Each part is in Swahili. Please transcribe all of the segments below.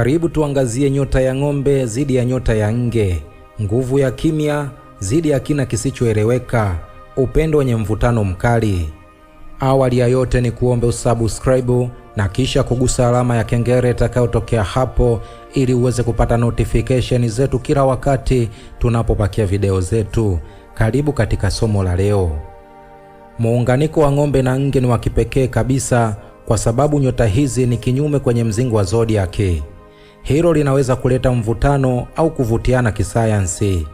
Karibu tuangazie nyota ya ng'ombe zidi ya nyota ya nge, nguvu ya kimya zidi ya kina kisichoeleweka, upendo wenye mvutano mkali. Awali ya yote ni kuombe usubscribe na kisha kugusa alama ya kengele itakayotokea hapo ili uweze kupata notification zetu kila wakati tunapopakia video zetu. Karibu katika somo la leo. Muunganiko wa ng'ombe na nge ni wa kipekee kabisa kwa sababu nyota hizi ni kinyume kwenye mzingo wa zodiaki. Hilo linaweza kuleta mvutano au kuvutiana kisayansi.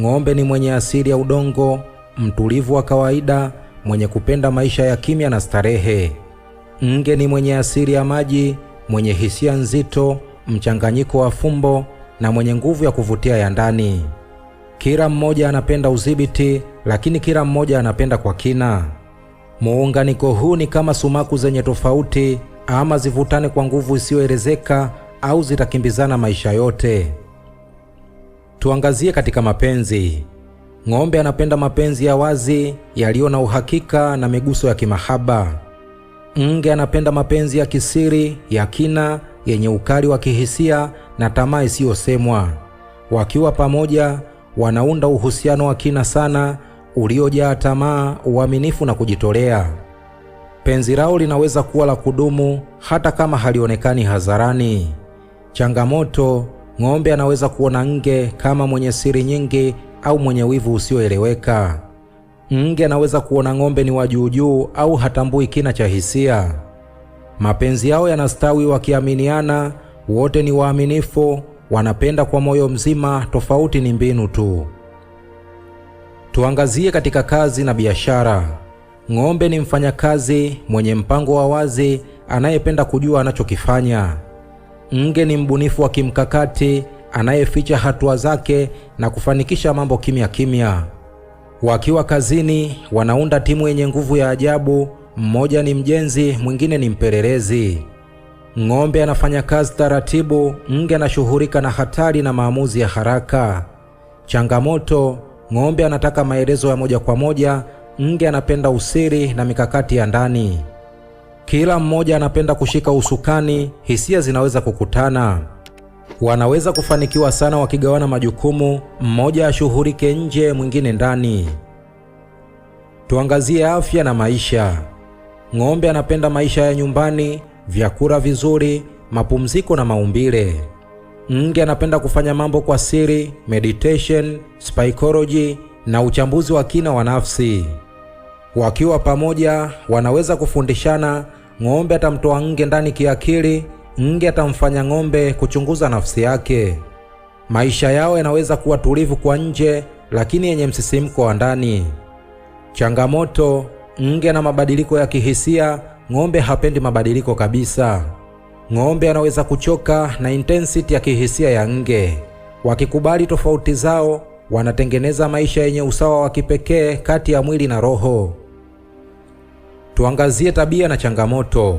Ng'ombe ni mwenye asili ya udongo, mtulivu wa kawaida, mwenye kupenda maisha ya kimya na starehe. Nge ni mwenye asili ya maji, mwenye hisia nzito, mchanganyiko wa fumbo na mwenye nguvu ya kuvutia ya ndani. Kila mmoja anapenda udhibiti, lakini kila mmoja anapenda kwa kina. Muunganiko huu ni kama sumaku zenye tofauti, ama zivutane kwa nguvu isiyoelezeka au zitakimbizana maisha yote? Tuangazie katika mapenzi. Ng'ombe anapenda mapenzi ya wazi yaliyo na uhakika na miguso ya kimahaba. Nge anapenda mapenzi ya kisiri ya kina, yenye ukali wa kihisia na tamaa isiyosemwa. Wakiwa pamoja, wanaunda uhusiano wa kina sana uliojaa tamaa, uaminifu na kujitolea. Penzi lao linaweza kuwa la kudumu hata kama halionekani hadharani. Changamoto: ng'ombe anaweza kuona nge kama mwenye siri nyingi au mwenye wivu usioeleweka. Nge anaweza kuona ng'ombe ni wa au hatambui kina cha hisia. Mapenzi yao yanastawi wakiaminiana, wote ni waaminifu, wanapenda kwa moyo mzima, tofauti ni mbinu tu. Tuangazie katika kazi na biashara. Ng'ombe ni mfanyakazi mwenye mpango wa wazi, anayependa kujua anachokifanya. Nge ni mbunifu wa kimkakati anayeficha hatua zake na kufanikisha mambo kimya kimya. Wakiwa kazini, wanaunda timu yenye nguvu ya ajabu. Mmoja ni mjenzi, mwingine ni mpelelezi. Ng'ombe anafanya kazi taratibu, Nge anashughulika na hatari na maamuzi ya haraka. Changamoto: Ng'ombe anataka maelezo ya moja kwa moja, Nge anapenda usiri na mikakati ya ndani. Kila mmoja anapenda kushika usukani, hisia zinaweza kukutana. Wanaweza kufanikiwa sana wakigawana majukumu, mmoja ashughulike nje, mwingine ndani. Tuangazie afya na maisha. Ng'ombe anapenda maisha ya nyumbani, vyakula vizuri, mapumziko na maumbile. Nge anapenda kufanya mambo kwa siri, meditation, psychology na uchambuzi wa kina wa nafsi. Wakiwa pamoja, wanaweza kufundishana ng'ombe atamtoa nge ndani kiakili, nge atamfanya ng'ombe kuchunguza nafsi yake. Maisha yao yanaweza kuwa tulivu kwa nje, lakini yenye msisimko wa ndani. Changamoto: nge na mabadiliko ya kihisia, ng'ombe hapendi mabadiliko kabisa. Ng'ombe anaweza kuchoka na intensity ya kihisia ya nge. Wakikubali tofauti zao, wanatengeneza maisha yenye usawa wa kipekee kati ya mwili na roho. Tuangazie tabia na changamoto.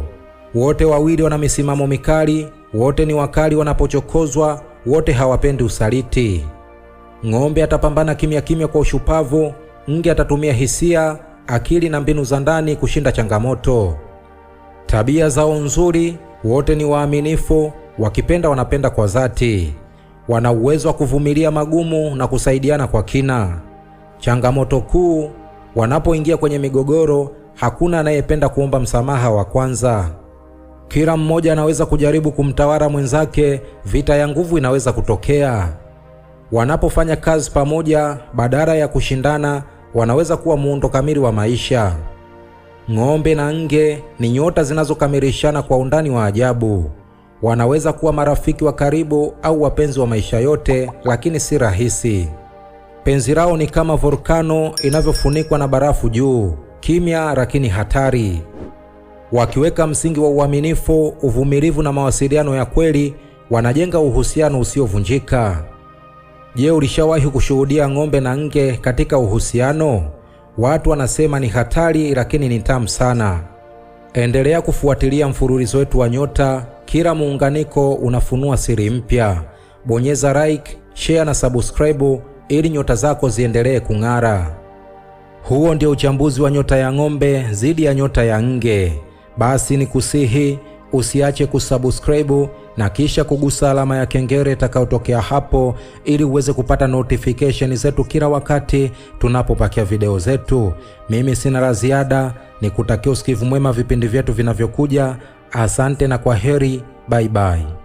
Wote wawili wana misimamo mikali, wote ni wakali wanapochokozwa, wote hawapendi usaliti. Ng'ombe atapambana kimya kimya kwa ushupavu, nge atatumia hisia, akili na mbinu za ndani kushinda changamoto. Tabia zao nzuri, wote ni waaminifu, wakipenda wanapenda kwa dhati, wana uwezo wa kuvumilia magumu na kusaidiana kwa kina. Changamoto kuu, wanapoingia kwenye migogoro hakuna anayependa kuomba msamaha wa kwanza. Kila mmoja anaweza kujaribu kumtawala mwenzake, vita ya nguvu inaweza kutokea. Wanapofanya kazi pamoja badala ya kushindana, wanaweza kuwa muundo kamili wa maisha. Ng'ombe na nge ni nyota zinazokamilishana kwa undani wa ajabu. Wanaweza kuwa marafiki wa karibu au wapenzi wa maisha yote, lakini si rahisi. Penzi lao ni kama volkano inavyofunikwa na barafu juu kimya lakini hatari, wakiweka msingi wa uaminifu, uvumilivu na mawasiliano ya kweli, wanajenga uhusiano usiovunjika. Je, ulishawahi kushuhudia ng'ombe na nge katika uhusiano? Watu wanasema ni hatari, lakini ni tamu sana. Endelea kufuatilia mfululizo wetu wa nyota. Kila muunganiko unafunua siri mpya. Bonyeza like, share na subscribe ili nyota zako ziendelee kung'ara. Huo ndio uchambuzi wa nyota ya ng'ombe dhidi ya nyota ya nge. Basi ni kusihi usiache kusubscribe na kisha kugusa alama ya kengele itakayotokea hapo, ili uweze kupata notification zetu kila wakati tunapopakia video zetu. Mimi sina la ziada, nikutakia usikivu mwema vipindi vyetu vinavyokuja. Asante na kwa heri, bye bye.